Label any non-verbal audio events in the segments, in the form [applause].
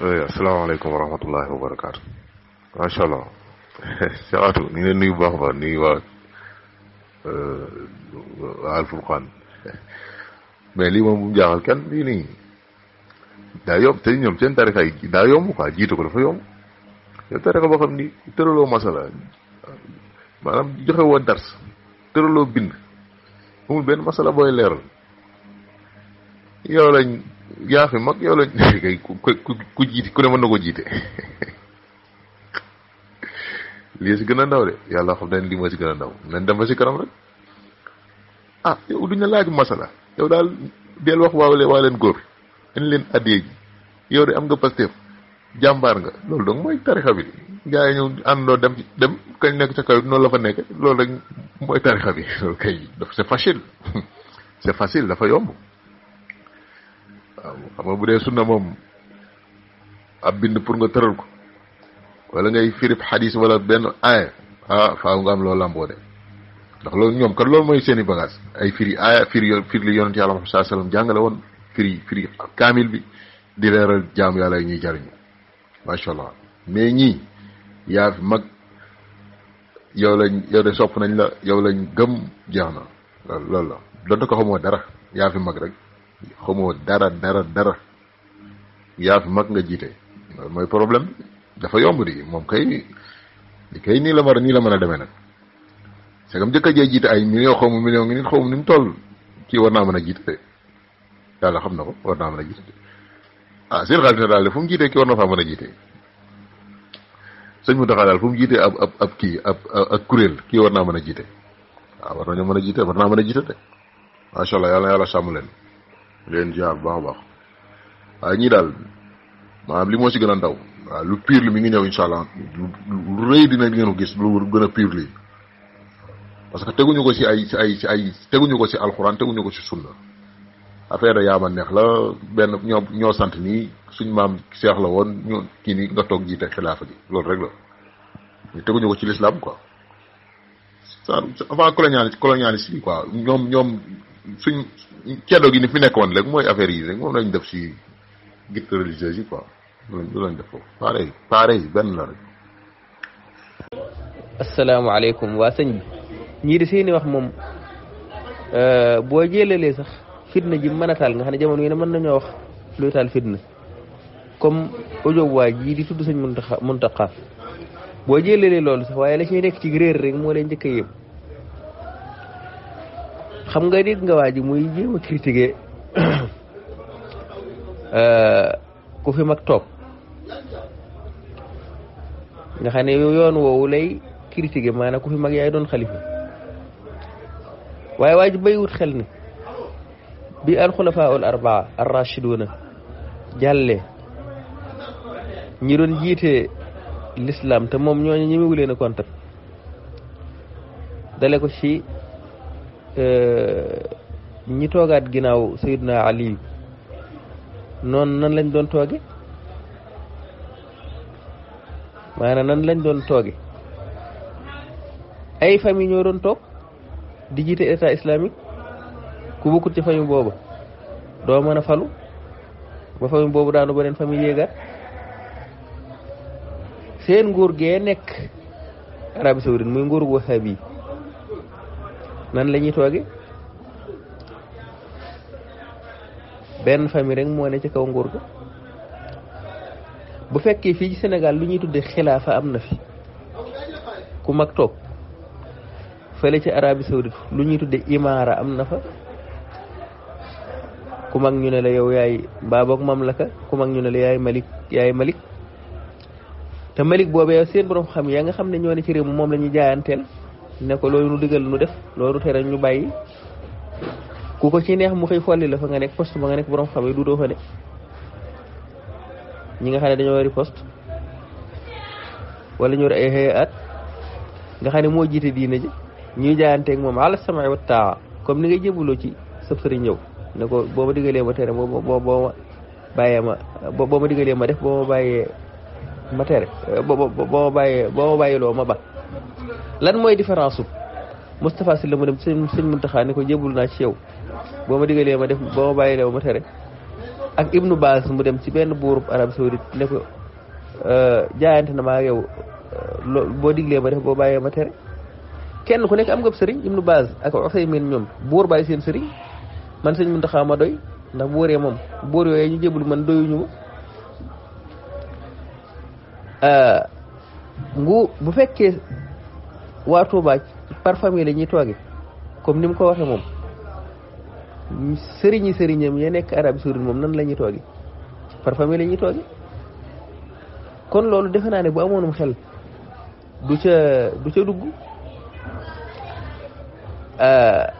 asalaamaaleykum wa rahmatullahi wa barakaatu macha allah saatu [laughs] ñu ngi leen baax baax nuyu waa euh, waa alfurqaan [laughs] mais lii moom bu mu jaaxal kenn lii nii daa yomb te ñoom seen tarixa yi daa yomb quoi jiite ko dafa yomb yow tarixa boo xam ni tëraloo masala maanaam joxe woo dars tëraloo bind amul benn masala booy leeral yow lañ yaa fi mag yow lañ [laughs] kay ku ku jiite ku ne mën na ko jiite [laughs] lii si gën a ndaw de yàlla xam ne lii moo si gën a ndaw nañ dem ba si kanam rek ah yow duñ la laaj masala yow daal del wax waaw leen leen góor indi leen addee ji yow de am nga Pastef jàmbaar nga loolu donc mooy tarixa bi gaa yi ñëw àndoo dem dem kañ nekk ca kaw noonu la fa nekk loolu rek mooy tarixa bi [laughs] loolu kay c'est facile c'est facile dafa yomb xam nga bu dee sunna moom ab bind pour nga tëral ko wala ngay firib xadis wala benn aaya ah faaw nga am loolu làmboo de ndax loolu ñoom kan loolu mooy seen i bagage ay firi aaya firi firi li yonent yàlla Muhammad sallallahu alayhi wasallam jàngale woon firi firi kaamil bi di leeral jaam yàlla yi ñuy jariñu macha allah mais ñii yaa fi mag yow lañ yow de sopp nañ la yow lañ gëm jeex na loolu la donte ko xamoo dara yaa fi mag rek xamoo dara dara dara yaa fi mag nga jiite mooy problème dafa yomb di moom kay li kay nii la war nii la mën a demee nag c'est comme jëkk a jee jiite ay million xaw ma million ngi nit xaw ma toll kii war naa mën a jiite de xam na ko war naa mën a jiite ah, na daal de fu mu jiitee kii a jiite ab ab kii ab ab kuréel kii war naa mën a jiite waaw ah, war nañoo mën a jiite war naa mën a jiite de macha allah yàlla yàlla sàmm leen leen jaar baax baax waaye ñii daal maanaam li moo ci gën a ndaw waaw lu pire li mi ngi ñëw incha allah lu rëy dina ngeen gis lu gën a pire lii parce que teguñu ko ci ay si ay si ay teguñu ko si alxuraan teguñu ko ci sunna affaire yaa ma neex la benn ñoo sant nii suñ maam seex la woon ñu kii nii nga toog jiite xilaafa gi loolu rek la ñu ko ci l'islam quoi ça avant colonialiste colonialiste yi ñoom ñoom suñ ceddo gi ni fi nekkoon léegi mooy affaire yi rek moom lañ def si guides religieuses yi quoi loolu lañ def foofu pareil pareil benn la rek. asalaamaaleykum waa sëñ bi ñii wax moom euh, boo jëlalee sax fitna ji mën a taal nga xam ne jamono yi ne mën nañoo wax luy taal fitna comme audio waa jii di tudd sëñ Muntaxa Muntaxa boo jëlalee loolu sax waaye la ciy nekk ci réer rek moo leen njëkk a xam nga dégg nga waa ji muy jéem a critiquer [coughs] euh, ku mag toog na xam ne yoon woowu lay critiquer maanaam ku mag yaay doon xalifa waaye waa ji baywut xel ni bi alxulafaa ul arbaa arrachiduna jàlle ñi doon jiite l'islam te moom ñooñu ñi mu wulee na kontar Euh, ñi toogaat ginnaaw Seydina Aliyu noonu nan lañ doon tooge maanaam nan lañ doon tooge ay famille ñoo doon toog di jiite état islamique ku bokkut ci famille boobu doo mën a falu ba famille boobu daanu beneen famille yéegaat seen nguur gee nekk Arabie Saoudite muy nguur wahabi nan la ñuy tooge benn famille rek moo ne ci kaw nguur ga bu fekkee fii ci Sénégal lu ñuy tudde xilaafa am na fi ku mag toog fale ci arabi Saoudite lu ñuy tudde imaara am na fa ku mag ñu la yow yaay baaboog mamlaka ku mag ñu ne la yaay malik yaay malik te malik boobee seen borom xam yaa nga xam ne ñoo ci réew moom la ñuy jaayanteel nekko ko loolu nu digal nu def loolu tere ñu bàyyi ku ko ci neex mu xëy folli la fa nga nekk poste ba nga nekk borom xam yi duudoo fa ne ñi nga xam ne dañoo wari poste wala ñu ay xëyaat nga xam ne moo jiite diina ji ñuy jaayanteeg moom ala sama wa taa comme ni ngay jébuloo ci sëb sëriñ ñëw ne ko boo ma digalee ma tere boo boo ma bàyyee ma boo ma digalee ma def boo ma bàyyee ma tere boo ma bàyyee boo ma bàyyiloo ma ba lan mooy différence su Moustapha Sylla mu dem sëñ sëñ Muntaxa ne ko jébul naa ci yow boo ma digalee ma def boo ma bàyyilee ma ak Ibnu Baas mu dem ci benn buurub Arab Saoudite ne ko euh, jaayante na maa yow euh, boo diglee ma def boo bàyyee ma tere kenn ku nekk am nga sëriñ Ibnu Baas ak Useymin ñoom boor bàyyi seen sëriñ man sëñ Muntaxa ma doy ndax buuree moom buur yooyu ñu jébul man doyuñu ma euh, ngu bu fekkee waa Touba par famille la ñuy toogee comme ni ko waxee moom sëriñi sëriñam ya nekk Arabie Saoudite moom nan la ñuy toogee par famille la ñuy toogee kon loolu defe naa ne bu amoonum xel du ca du ca dugg ah,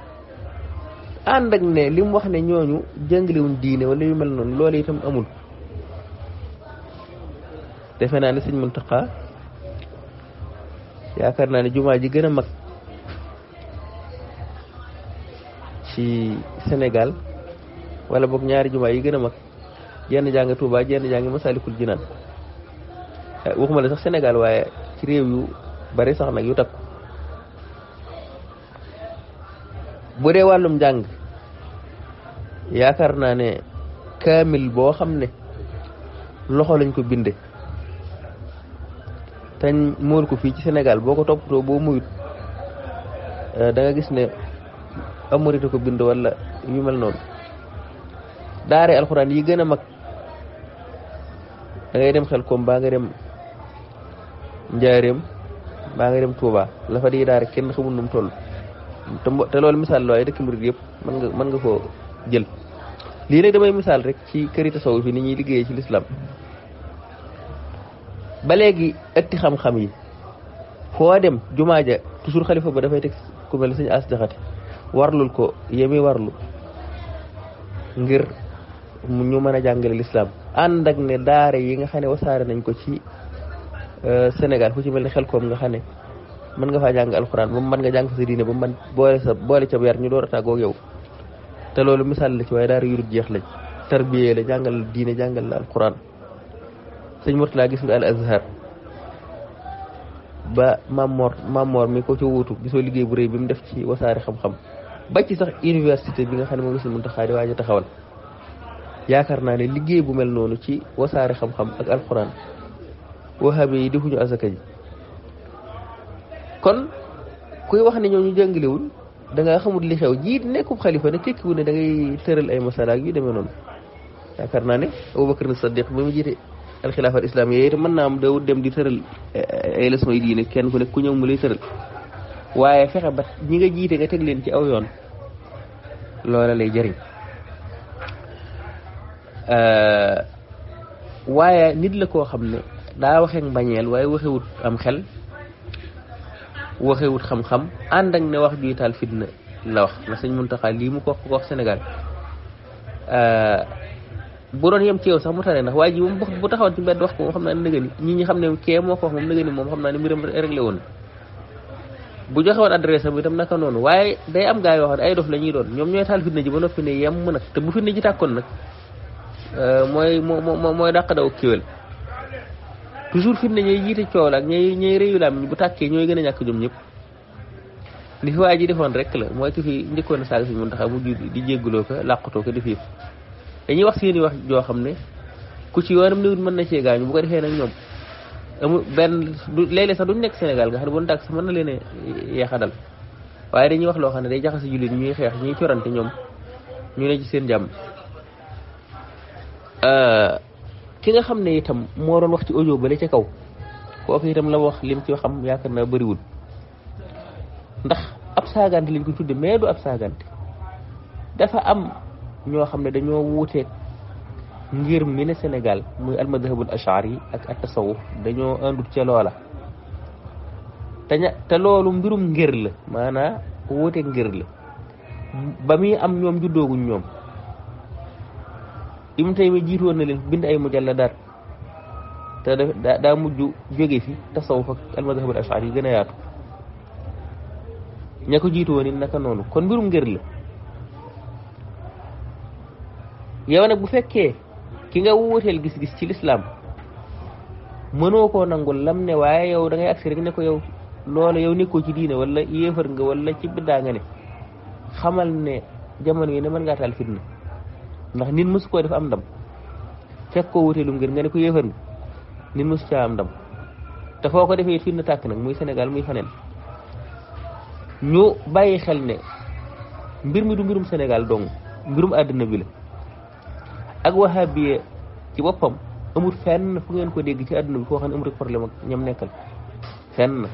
ànd ak ne li mu wax ne ñooñu jàngalewuñ diine wala yu mel noonu loolu itam amul defe naa ne sëñ Muntaxa yaakaar na ne jumaa ji gën a mag ci Sénégal wala boog ñaari jumaa yi gën a mag jenn jaa ngi Touba jenn jaa ngi Masalikul Jinaan eh, waxuma la sax senegal waaye ci réew yu bari sax nag yu takku bu dee wàllum njàng yaakaar naa ne kaamil boo xam ne loxo lañ ko binde te mool ko fii ci senegal boo ko toppatoo boo muyut euh, da gis ne amorite ko bind wala yu mel noonu daare alxuraan yi gën a mag da dem xel koom baa nga dem njaareem baa nga dem Touba la daar di daare kenn xamul nu mu toll te loolu misaal loo ay dëkk murid yëpp mën nga mën koo jël lii nag damay misaal rek ci këri tasawuf yi ni ñuy liggéeyee ci lislaam ba léegi ëtti xam-xam yi foo dem jumaa ja toujours xalifa ba dafay teg ku mel sëñ as jaxate warlul ko yemi warlu ngir ñu mën a jàngale lislaam ànd ak ne daara yi nga xam ne wasaare nañ ko ci euh, Sénégal fu ci mel ne xel koom nga xam ne mën nga faa jàng alxuraan ba mu mën nga jàng fa sa diine ba mu mën boole ca yar ñu door a tàggoog yow te loolu misaal la ci waaye daara yu jeex lañ tarbiyee la jàngal diine jàngal la alxuraan sëñ Murtala gis nga al azhar ba Mamor Mamor mi ko ca wuutu gisoo liggéey bu rëy bi mu def ci wasaare xam-xam ba sax université bi nga xam ne moom la si Muntaxa di waaj a taxawal yaakaar naa ne liggéey bu mel noonu ci wasaare xam ak alxuraan wahabi yi defuñu asaka ji kon kuy wax ne ñooñu jàngalewul da ngaa xamul li xew jiit nekkub xalifa ne tekkiwu ne dangay ngay tëral ay masalaak yi demee noonu yaakaar naa ne Abubakar Sadiq ba mu jiite alxilaafa islaamiya itam mën naa am dawut dem di tëral eh, eh, ay leçon yi diine kenn ku nekk ku ñëw mu lay tëral waaye fexe ba ñi jiite nga teg leen ci aw yoon loola lay jëriñ eh, waaye nit la koo xam ne daa waxee mbañeel waaye waxewut am xel waxewut xam-xam ànd ne wax juy taal fitna la wax na sëñ Muntaxa lii mu ko ko Sénégal bu doon yem ci yow sax mu tane ndax waaye ji moom bu taxawoon ci mbedd wax ko moom xam naa ne nëgëni ñi ñi xam ne kee moo ko wax moom nëgëni moom xam naa ne mbiram réglé bu joxe woon adresse am itam naka noonu waaye day am gaa yoo xam ne ay la ñuy doon ñoom ñooy taal fitna ji ba noppi ne yem nag te bu fitna ji tàkkoon nag euh, mooy moo mooy dàq daw kiwél toujours fitna ñooy jiite coow la ak ñooy ñooy réyu laam bu tàkkee ñooy gën a ñàkk jom ñëpp li fi waa ji defoon rek la mooy ki fi njëkkoon saag si mun taxa mujj di jégguloo ko làqutoo ko def dañuy wax seeni wax joo xam ne ku ci yoonam niwut mën na cee gaañu bu ko defee nag ñoom benn du léeg sax duñ nekk Sénégal nga xam ne bon mën na leen a yeexadal waaye dañuy wax loo xam ne day jaxase jullit ñuy xeex ñuy corante ñoom ñu ne ci seen jàmm euh, ki nga xam ne moo doon wax ci audio bale ci kaw kooku itam la wax lim ci waxam yaakaar naa bëriwul ndax ab saagante lañ ko tudde mais du ab saagante dafa am ñoo xam ne dañoo wuuteeg ngir mi ne Sénégal muy almadhabul ashari ak at tasawuf dañoo àndut ca loola teña te loolu mbirum ngir la maanaa wuuteeg ngir la ba muy am ñoom juddooguñ ñoom Ibn Taymiya jiitoon na leen bind ay mujalladaat te da daa mujj jóge fi tasawuf ak almadhabul ashari gën a yaatu ña ko jiitoon it naka noonu kon mbirum ngir la yow nag bu fekkee ki nga wuuteel gis-gis ci lislaam mënoo koo nangul lam ne waaye yow da ngay agsi rek ne ko yow loola yow nekkoo ci diine wala yéefar nga wala ci biddaa nga ne xamal ne jamono yi ne mën ngaa taal fitna ndax nit mësu koo def am ndam fekk koo wuuteelu ngir nga ne ko yéefar nga nit mësu caa am ndam te foo ko defee fitna tàkk nag muy senegal muy faneen ñu bàyyi xel ne mbir mi du mbirum senegal dong mbirum àddina bi ak wahabiye ci boppam amul fenn fu ngeen ko dégg ci àdduna bi foo xam ne amul rek problème ak ñam nekkal fenn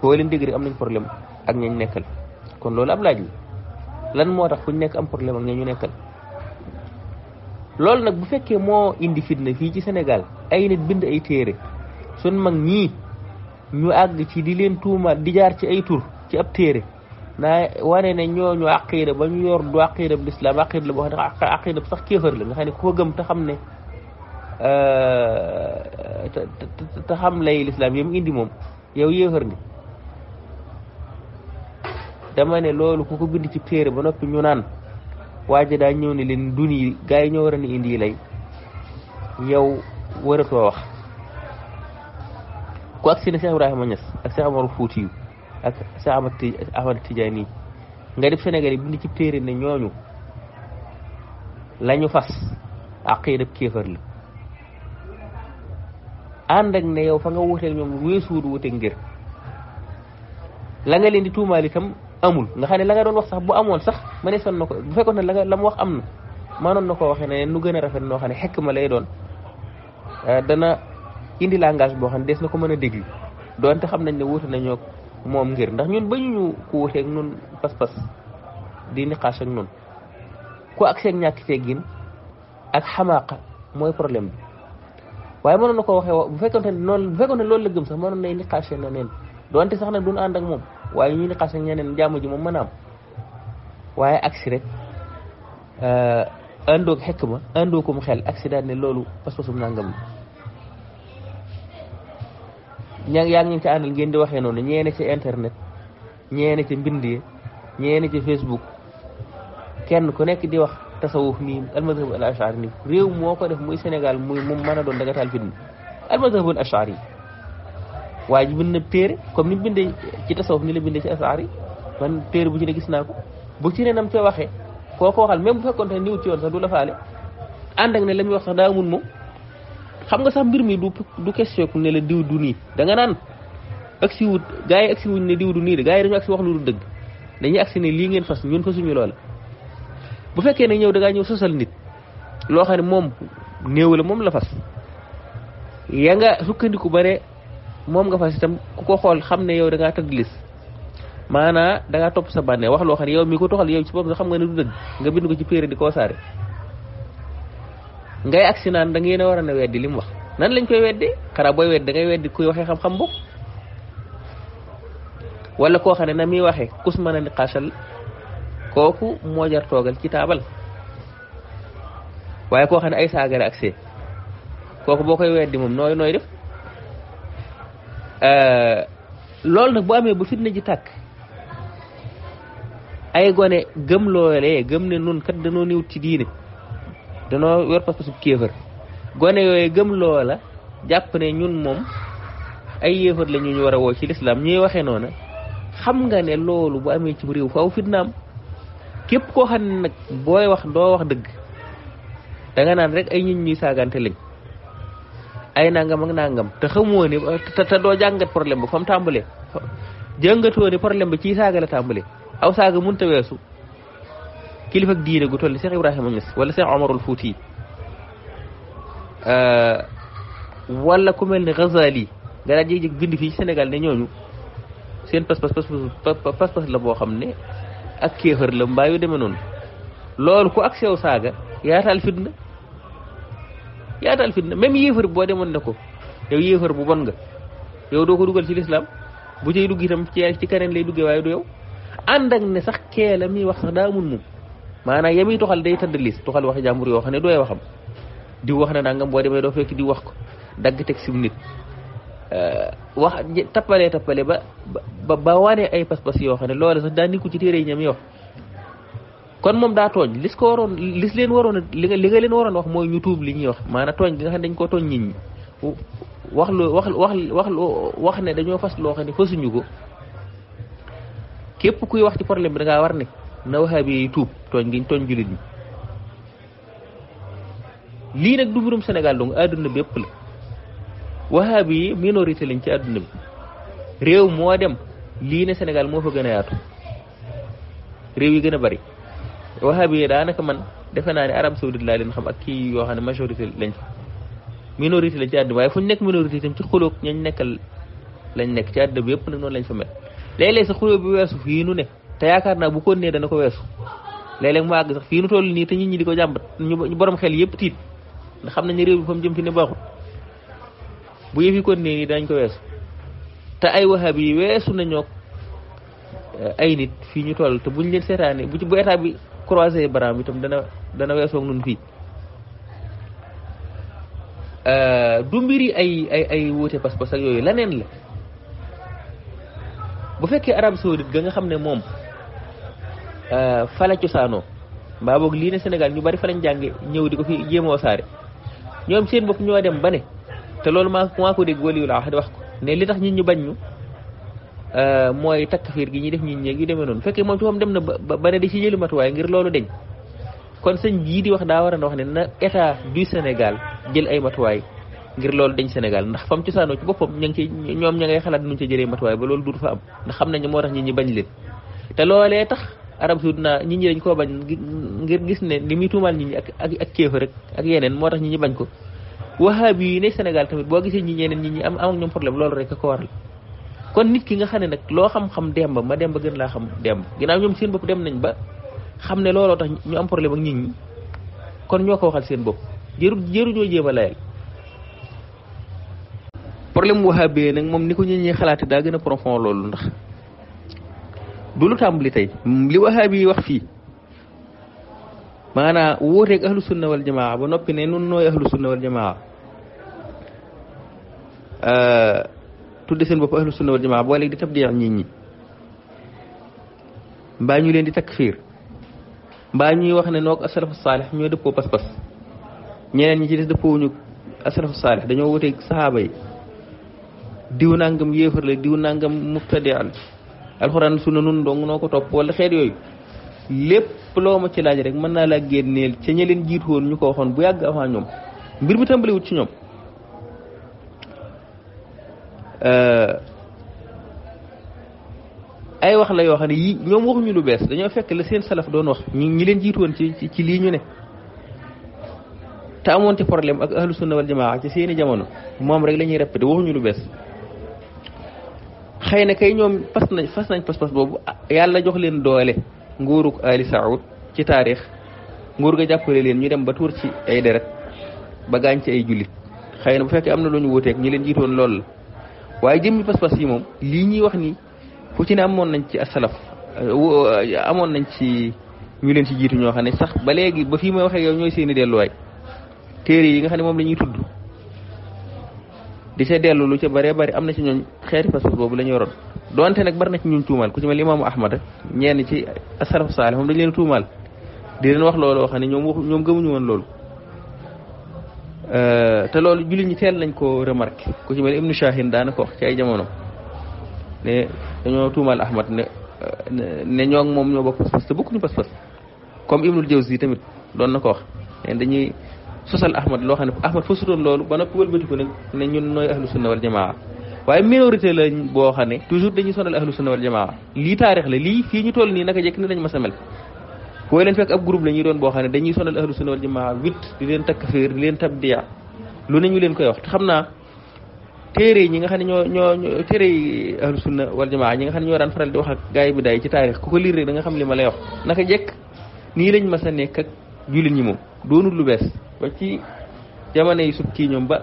foo leen dégg am nañ problème ak ñañ nekkal kon loolu ab laaj la lan moo tax fu ñu nekk am problème ak ñañu nekkal loolu nag bu fekkee moo indi fitna fii ci senegal ay nit bind ay téere sun mag ñii ñu àgg ci di leen tuumaat di jaar ci ay tur ci ab téere naa wane ne ñooñu aqida ba ñu yor du aqida bu lislaam aqida la boo xam ne aqida bu sax kéefër la nga xam ne ku ko gëm euh, te xam lay lislaam yam indi moom yow yéefër nga dama ne loolu ku ko bind ci téere ba noppi ñu naan waaja daa ñëw ne leen dun yi yi ñoo war indi lay yow waratoo wax ku ak si ne Cheikh Ibrahima Niass ak Cheikh Omar Foutiyou ak sa Ahmad Ahmad Tijaani nga def Sénégal yi bind ci téere ne ñooñu lañu fas aqiida kéefar la ànd ak ne yow fa nga wuuteel ñoom weesuwut wuute ngir la nga leen di tuumaal tam amul nga xam ne la nga doon wax sax bu amoon sax ma ne son na ko bu fekkoon ne la nga wax am na maanoon na waxe waxee ne nu gën a rafet noo xam ne xekk ma lay doon eh, dana indi langage boo xam ne des na ko mën a déglu doonte xam nañ ne wuute nañoo moom ngir ndax ñun bañu ñu ku wuteeg nun pas-pas di niqaas ak nun ku ak seen ñàkk teggin ak xamaaqa mooy problème bi waaye mënoon na ko waxee bu fekkoon ne noonu bu loolu la gëm sax mënoon nay niqaas na neen doonte sax na duñ ànd ak moom waaye ñuy niqaas ak ñeneen jàmm moom mën a am waaye aksi rek euh, àndoog xekk ma àndoo ko mu xel aksi daal ne loolu pas-pasum nangam la ña yaa ngi ñu ci ngeen di waxe noonu ñeene ci internet ñeene ci mbind yi ñeene ci Facebook kenn ku nekk di wax tasawuf nii almadhab al ashari nii réew moo ko def muy Sénégal muy mu mën a doon da nga taal fitna almadhab al ashari yi waa ji bind na téere comme ni bindee ci tasawuf ni la ci ashari man téere bu ci ne gis naa ko bu ci ne nam ca waxee koo ko waxal même bu fekkoon te niwut ci yoon sax du la faale ànd ne la muy wax sax daa amul moom xam nga sax mbir mi du du question ku ne la diw du nii da nga naan agsi wut gars yi agsi ne diw du nii de gars yi dañu agsi wax lu du dëgg dañuy agsi ne lii ngeen fas ñun fasuñu loola bu fekkee ne ñëw dangaa ngaa ñëw sosal nit loo xam ne moom néew la moom la fas yaa nga sukkandiku ba ne moom nga fas itam ku ko xool xam ne yow da ngaa tëdd lis maanaa da ngaa topp sa bànneex wax loo xam ne yow mi ko toxal yow ci boppam sax xam nga ne du dëgg nga bind ko ci péere di ko wasaare ngay agsi naan da ngeen a war a na li mu wax nan lañ koy weddee xanaa booy weddi da ngay weddi kuy xam-xam bokk wala koo xam ne na muy waxee kus mën a kooku moo jar toogal ci taabal waaye koo xam ne ay saagale ak kooku boo koy weddi moom nooy nooy def euh, loolu nag boo amee bu fitna ji tàkk ay gone gëm loolee gëm ne nun kat danoo niwut ci diine danoo yor pas-pasu kéefër gone yooyu gëm loola jàpp ne ñun moom ay yéefar la ñu ñu woo ci lislaam ñuy waxee noona xam nga ne loolu bu amee ci réew faaw fitnaam képp koo xam nag booy wax doo wax dëgg danga naan rek ay nit ñuy saagante lañ ay nangam ak nangam te xamoo ne te doo jàngat problème ba fa mu tàmbalee jàngatoo ne problème ba ci saaga la tàmbalee aw saaga mënut a weesu. kilifa ak diine gu toll ni Cheikh Ibrahima Niass wala Cheikh Omarul Fouti euh, wala ku mel ne Ghazali nga daa jéeg bind fii Sénégal ne ñooñu seen pas-pas la boo xam ne ak kéefër la mbaa yu demee noonu loolu ku ak sew saaga yaataal fitna fitna même yéefar boo demoon ne ko yow yéefar bu bon nga yow doo ko dugal ci lislaam bu cay dugg itam ci ci lay dugge waaye du yow ànd ne sax kee la muy wax sax daa amul moom maanaam yami toxal day tëdd liis toxal wax jàmbur yoo xam ne dooy waxam diw wax na nangam boo demee doo fekk di wax ko dagg teg sim nit euh, wax tappale tappale ba ba ba wane ay pas yoo xam ne loolu sax daa ko ci téere yi ñam yi kon moom daa tooñ lis ko waroon lis leen waroon li li nga leen waroon wax mooy ñu tuub li ñuy wax maanaam tooñ gi nga xam dañ ko tooñ nit ñi wax lu wax wax wax wax ne dañoo fas loo xam ne fasuñu ko képp kuy wax ci problème bi da war ne na wahabi yi tuub tooñ giñ tooñ jullit ñi lii nag du mbirum Sénégal dong àdduna bi yëpp la wahabi yi minorité lañ ci àdduna bi réew moo dem lii ne Sénégal moo fa gën réew yi gën a bari wahabi yi daanaka man defe naa ne Arab Saoudite laa xam ak kii yoo xam ne majorité lañ fa minorité lañ ci àdduna waaye fu ñu nekk minorité itam ci xulóog ñañ nekkal lañ nekk ci àdduna bi yëpp nag noonu lañ fa mel léeg-léeg sa xulóog bi weesu fii nu ne te yaakaar naa bu ko nee dana ko weesu léeg-léeg mu àgg sax fii nu toll nii te nit ñi di ko jàmbat ñu borom xel yëpp tiit ndax xam nañu réew bi jëm fi ne baaxul bu yëfi kon nii dañ ko weesu te ay waxaab yi weesu nañoo eh, ay nit fii ñu toll te buñ leen seetaanee bu ci bu état bi croisé baraam itam dana dana weesoog nun fii eh, du mbiri ay ay ay wuute pas ak yooyu leneen la bu fekkee Arabie Saoudite ga nga xam ne moom Euh, fala cosaanoo mbaa boog lii ne Sénégal ñu bari fa lañ jànge ñëw di ko fi jéem a wasaare ñoom seen bopp ñoo dem ba ne te loolu maa maa ko dégg waliyu laa wax di wax ko ne li tax nit ñu bañ ñu euh, mooy takfiir gi ñuy def nit ñeeg yu demee noonu fekkee moom ci moom dem na ba ba ne di ci jëli matuwaay ngir loolu deñ kon sëñ jii di daa war a wax ne na état du Sénégal jël ay matuwaay ngir loolu dañ Sénégal ndax fam cosaanoo ci boppam ña ngi ci ñoom ña ngay xalaat nuñu ca jëlee matuwaay loolu duut fa am ndax xam nañu moo tax nit ñi bañ leen te loolee tax arab saudi naa nit ñi dañ koo bañ ngir gis ne li muy tuumaal nit ñi ak ak ak kéefa rek ak yeneen moo tax nit ñi bañ ko wahaab yi ne senegal tamit boo gisee ñi ñeneen nit ñi am am ak ñoom problème loolu rek ko waral kon nit ki nga xam ne nag loo xam demba ma demba gën laa xam demb ginnaaw ñoom seen bopp dem nañ ba xam ne looloo tax ñu am problème ak nit ñi kon ñoo ko waxal seen bopp jëru jëruñoo jéem a layal problème wahaab yi nag moom ni ko nit ñi xalaate daa gën a profond loolu ndax du lu tàmbali tey li wahaabi yi wax fii maanaam wuuteeg ahlu sunna wal jamaa ba noppi ne nun nooy ahlu sunna wal jamaa euh, tudde seen bopp ahlu sunna wal jamaa boo léegi di tabdiix nit ñi mbaa ñu leen di takfiir mbaa ñuy wax ne noog asalafu saalix ñoo dëppoo pas-pas ñeneen ñi ci des dëppoo ñu asalafu saalix dañoo wuuteeg saxaaba yi diw nangam yéefar la diw nangam mubtadi alxuraan sunna nun dong noo ko topp wala xeet yooyu lépp loo ma ci laaj rek mën naa laa génneel ci ña leen jiit ñu ko waxoon bu yàgg avant ñoom mbir mi tàmbaliwut ci ñoom euh, ay wax la yoo xam ne yii ñoom waxuñu lu bees dañoo fekk la seen salaf doon wax ñi leen jiitu woon ci ci lii ñu ne te amoon ci problème ak ahlu sunna wal jamaa ci seeni jamono moom rek lañuy ñuy répété waxuñu lu bees xëy na kay ñoom fas nañ fas nañ pas-pas boobu yàlla jox leen doole nguurug Ali Saoud ci taarix nguur ga jàppale leen ñu dem ba tuur ci ay deret ba gaañ ci ay jullit xëy na bu fekkee am na lu ñu wuuteeg ñi leen jiitoon lool la waaye jëmmi pas-pas yi moom lii ñuy wax ni fu ci ne amoon nañ ci asalaf euh, euh, amoon nañ ci ñu leen ci jiitu ñoo xam ne sax ba léegi ba fi may waxee yooyu ñooy seeni delluwaay téere yi nga xam ne moom la ñuy tudd di ca dellu ca bare bari am na ci ñooñ xeeti pas-pas boobu la ñu yoroon donte nag na ci ñun tuumaal ku ci mel imaamu ahmad ak ñenn ci asalafu saalih moom dañ leen tuumaal di leen wax loolu xam ne ñoom wax ñoom gëmuñu woon loolu euh, te loolu jullit ñi teel lañ ko remarqué ku ci mel ibnu shahin daana ci ay jamono ne dañoo tuumaal ahmad ne ne ñoo moom ñoo bokk pas-pas te bokkuñu pas-pas comme ibnul jawzi tamit doon na ko wax ne dañuy sosal ahmad loo xam ne ahmad fa sutoon loolu ba noppi wëlbati ne waaye minorité lañ boo xam ne toujours dañuy sonal ahlu sunna wal jamaa lii taarix la lii fii ñu toll nii naka jekk ni lañ ma sa mel fooy leen fekk ab ñuy doon boo xam ne dañuy sonal ahlu sunna wal jamaa wit di leen takfir di leen tabdiya lu leen koy wax xam naa téere ñi nga xam ne ñoo ñoo téere yi ahlu sunna wal jamaa ñi nga xam ne ñoo daan faral di wax ak gaay bi daay ci taarix ku ko liir rek xam li ma lay wax naka jekk nii lañ ma sa nekk ak jullit ñi moom doonul lu bees ba ci jamono yi sub kii ñoom ba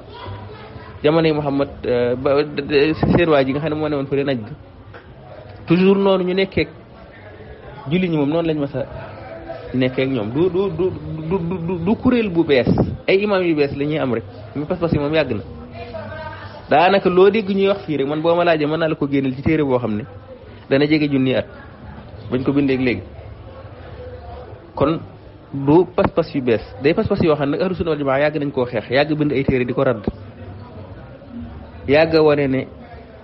jamono yi Muhammad euh, ba waa ji nga xam ne moo ne woon fële naj ga toujours noonu ñu nekkee julli ñi moom noonu lañ mas a nekkee ñoom du du du du du kuréel bu bees ay imaam yu bees la ñuy am rek mais pas-pas yi moom yàgg na. daanaka loo dégg ñuy wax fii rek man boo ma laajee mën naa la ko génneel ci téere boo xam ne dana jege junni at bañ ko bindeek léegi kon du pas-pas yu bees day pas-pas yoo xam ne ahlu sunna wal jamaa yàgg nañ koo xeex yàgg bind ay téere di ko radd. yàgg a wane ne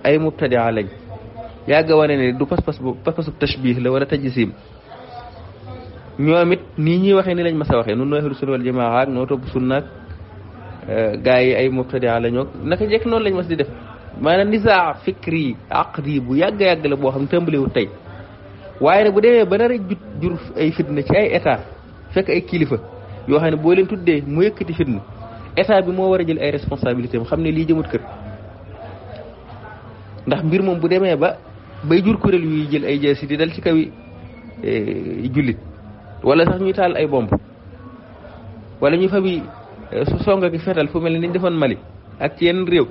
ay mubtadia lañ yàgg a wane ne du pas-pas bu pas-pasu tashbih la wala tajsim ñoom it nii ñuy waxee ni lañ ma a waxee nun noo ahlu sunna wal jamaa ak noo topp sunnaak euh, gaa yi ay mubtadia la ñoo naka njëkk noonu lañ mas di def maanaam nisaa fikri aqdi bu yàgg-yàgg la boo xam ne tàmbaliwul tey waaye nag bu demee ba nar a jut jur ay fitna ci ay état fekk ay kilifa yoo xam ne boo leen tuddee mu yëkkati fitna état bi moo war a jël ay responsabilité am xam ne lii jëmut kër ndax mbir moom bu demee ba bay jur kuréel yuy jël ay jaasi di dal ci kawi e, jullit wala sax ñuy taal ay bomb wala ñuy fabi e, su songa ak fetal fu mel ni ñu defoon Mali ak ci yenn réew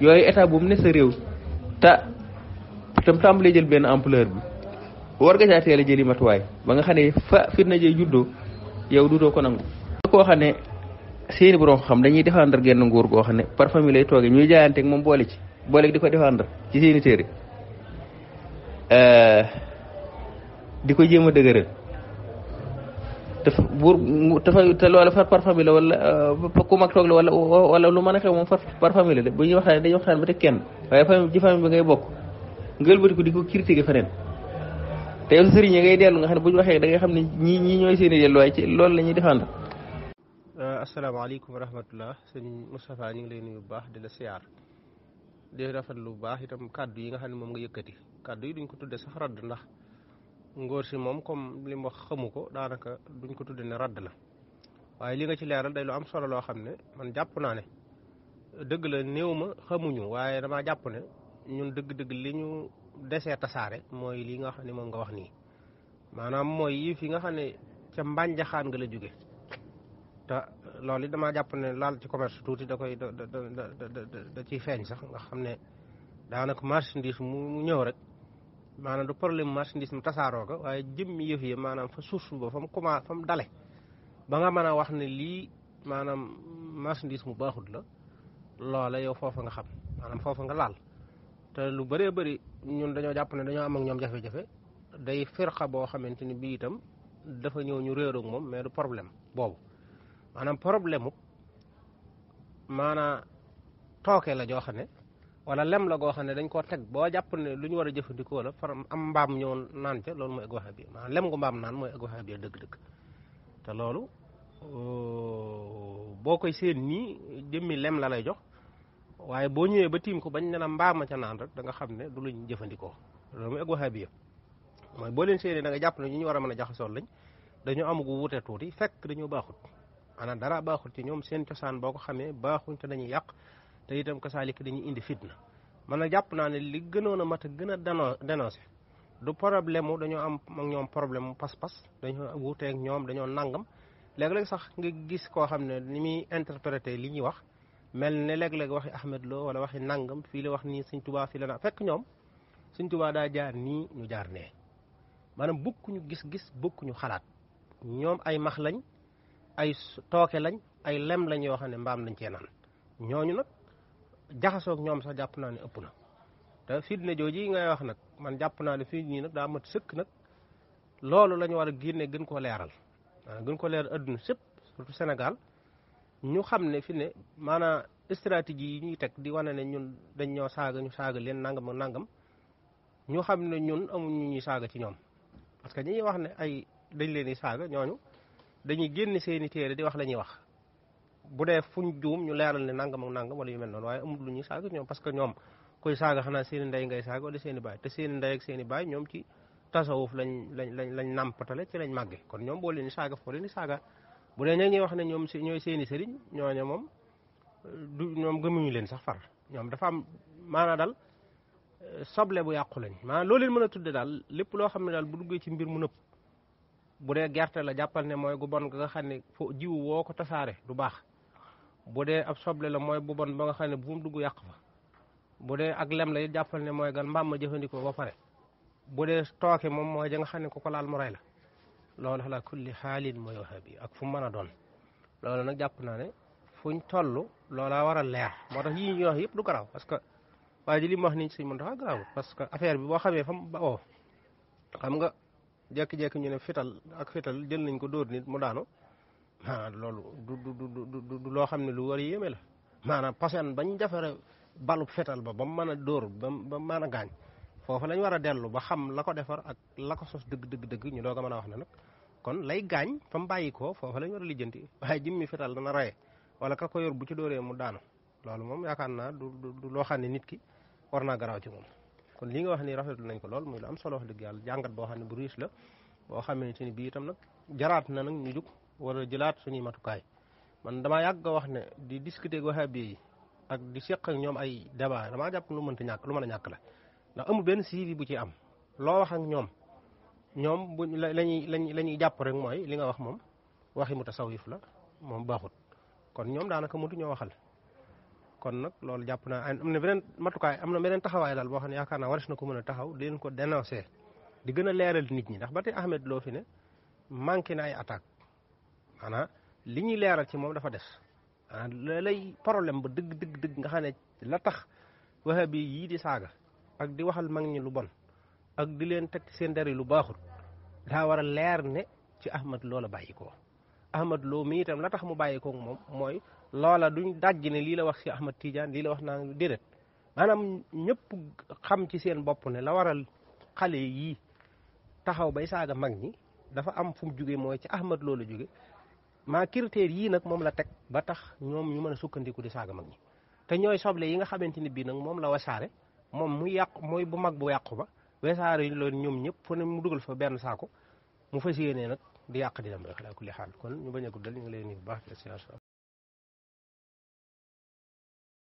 yooyu état bu ne sa réew ta tam tàmbalee jël benn empleur bi war nga caa a jëli matuwaay ba nga xam ne fa fitna jee juddoo yow dutoo ko nangu. koo xam ne seeni borom xam dañuy défendre genn nguur goo xam ne par famille lay toogee ñuy jaayanteeg moom boole ci. booleeg di ko défendre ci seeni téere euh, di ko jëm a dëgëral te buur dafa te loolu far par famille la wala euh, ku mag toog la wala wala lu mën a xew moom far par famille la de bu ñuy waxtaanee dañuy ba teg kenn waaye famille ci famille ngay bokk ngël bati ko di ko critiquer feneen te ngay nga xam ne bu ñu waxee da ngay xam ne ñii ñii ñooy seen i delluwaay ci loolu la ñuy défendre. Euh, asalaamaaleykum wa rahmatullah sëñ Moustapha ñu ngi lay nuyu bu baax di la siyaar. di rafet lu baax itam kàddu yi nga xam ne moom nga yëkkati kàddu yi duñ ko tudde sax radd ndax ngóor si moom comme li mu wax xamu ko daanaka duñ ko tudde ne radd la waaye li nga ci leeral day lu am solo loo xam ne man jàpp naa ne dëgg la néew ma xamuñu waaye damaa jàpp ne ñun dëgg-dëgg li ñu desee tasaare mooy li nga xam ne moom nga wax nii maanaam mooy yi fi nga xam ne ca mbànjaxaan nga la jóge te loolu it damaa jàpp ne ci commerce tuuti da koy da ciy feeñ sax nga xam ne daanaka marchandise mu ñëw rek maanaam du problème marchandise mu tasaaroo ko waaye jëmmi yëf yi maanaam fa source ba fa mu commencé dale ba nga mën a wax ne lii maanaam marchandise mu baaxut la loola yow foofa nga xam maanaam foofa nga laal te lu bëree bëri ñun dañoo jàpp ne dañoo am ak ñoom jafe-jafe day firqa boo xamante ni bii itam dafa ñëw ñu réer moom mais du problème boobu maanaam problème mu maanaa tooke la joo xam ne wala lem la goo xam ne dañ koo teg boo jàpp ne lu ñu war a jëfandikoo la far am mbaam ñëw naan ca loolu mooy ak waxa biir maanaam lem gu mbaam naan mooy ak waxa biir dëgg-dëgg te oh, boo koy seen nii jëmmi lem la lay jox waaye boo ñëwee ba tiim ko bañ ne la mbaama ca naan da nga xam ne du luñ jëfandikoo loolu mooy ak waxa biir mooy boo leen séenee da jàpp ne ñu ñu war a mën a jaxasoon lañ dañoo amagu wute tuuti fekk dañoo baaxut maanaam dara baaxul ci ñoom seen cosaan boo ko xamee baaxuñ te dañuy yàq te itam kasaalika dañuy indi fitna man a jàpp naa ne li gënoon a mat a gën a dénoncé du problème mu dañoo am ak ñoom problème mu pas-pas dañoo wuuteeg ñoom dañoo nangam léeg-léeg sax nga gis koo xam ne ni muy interprété li ñuy wax mel ne léeg-léeg waxi Ahmed Lo wala waxi nangam fii la wax nii Sëñ Tuubaa fii la na fekk ñoom Sëñ Tuubaa daa jaar nii ñu jaar nee maanaam bokkuñu gis-gis bokkuñu xalaat ñoom ay max lañ ay tooke lañ ay lem lañ yoo xam ne mbaam lañ cee naan ñooñu nag jaxasook ñoom sax jàpp naa ne ëpp na te fitna jooji ngay wax nag man jàpp naa ne fii ñii nag daa mat sëkk nag loolu la ñu war a génne gën koo leeral maanaam ah, gën ko leeral adduna sëpp surtout senegal ñu xam ne fi ne maanaam stratégie yi ñuy teg di wane ne ñun dañ ñoo saaga ñu saaga leen nangam ak nangam ñu xam ne ñun amuñu ñuy saaga ci ñoom parce que ñi wax ne ay dañ leen di saaga ñooñu dañuy génn seeni téere di wax la ñuy wax bu dee fuñ juum ñu leeral ne nangam ak nangam wala yu mel noonu waaye amul lu ñuy saaga ñoom parce que ñoom kuy saaga xanaa seeni ndey ngay saaga wala seeni baay te seeni ndey seeni baay ñoom ci tasawuf lañ lañ lañ lañ nàmpatale ci lañ màgge kon ñoom boo leen di saaga foo leen di saaga bu dee ña ñuy wax ne ñoom ñooy seeni sëriñ ñooñu moom du ñoom gëmuñu leen sax far ñoom dafa am maanaa daal soble bu yàqu lañ maanaam loo leen mën a tudde daal lépp loo xam ne daal bu duggee ci mbir mu nëpp bu dee gerte la jàppal ne mooy gu bon nga xam ne fo jiwu woo ko tasaare du baax bu dee ab soble la mooy bu bon ba nga xam ne bu mu dugg yàq fa bu dee ak lem la it jàppal ne mooy gan mbaam ma jëfandikoo ba pare bu dee tooke moom mooy ja nga xam ne ku ko laal mu rey la loolu ala kulli xaalin mooy wahabi ak fu mu mën a doon loolu nag jàpp naa ne fuñ toll loola war a leer moo tax yii ñuy wax yëpp du garaaw parce que waaye ji li mu wax nii suñ mën dafa garaawul parce que affaire bi boo xamee fa mu jekki-jekki ñu ne fital ak fital jël nañ ko dóor nit mu daanu maanaam loolu du du du loo xam ne lu war a yéeme la maanaam pasen bañ jafare balub fetal ba ba mu mën a dóor bam ba mën gaañ foofu lañ war a dellu ba xam la ko defar ak la ko sos dëgg dëgg dëgg ñu doog a mën a wax na nag kon lay gaañ fa mu bàyyi ko foofu lañ war a lijjanti waaye jëmmi fetal dana raye wala ka ko yor bu ci dóoree mu daanu loolu moom yaakaar naa du loo xam ne nit ki war naa garaaw ci moom kon li nga wax ni rafetlu nañ ko lool muy la am solo wax dëgg yàlla jàngat boo xam ne bu riche la boo xamante ni bii itam nag jaraat na nag ñu jug war a jëlaat suñuy matukaay man dama yàgg wax ne di discuter ak wahabi bi ak di seq ñoom ay daba damaa jàpp lu mënta ñàkk lu mën a ñàkk la ndax amul benn suivi bu ci am loo wax ak ñoom ñoom bu la lañuy lañ la ñuy jàpp rek mooy li nga wax moom waxi mutasawif la moom baaxut kon ñoom daanaka mëntu ñoo waxal kon nag loolu jàpp naa am na beneen matukaay am na beneen taxawaay daal boo xam ne yaakaar naa waris na ko mën a taxaw di leen ko dénoncer di gën a leeral nit ñi ndax ba te Ahmed Lo fi ne manqué na ay attaque maanaam li ñuy leeral ci moom dafa des maanaam ah, lay problème ba dëgg dëgg nga xam la tax wahabi yii di saaga ak di waxal mag ñi lu bon ak di leen teg seen der lu baaxul daa war a leer ne ci Ahmed Lo la bàyyi ko Ahmed Lo mi itam la tax mu bàyyi ko moom mooy loola duñ dajj ne lii la wax si Ahmad Tidiane lii la wax naa déedéet maanaam ñëpp xam ci seen bopp ne la waral xale yii taxaw bay saaga mag ñi dafa am fu mu jugee mooy ci Ahmad loola jóge maa critères yii nag moom la teg ba tax ñoom ñu mën a sukkandiku di saaga mag ñi te ñooy soble yi nga xamante ni bii nag moom la wasaare moom mu yàqu mooy bu mag bu yàqu ba wesaare lool ñoom ñëpp fu ne mu dugal fo benn saako mu fas yéenee nag di yàq di dem rek laa kulli xaal kon ñu bañ a bu baax di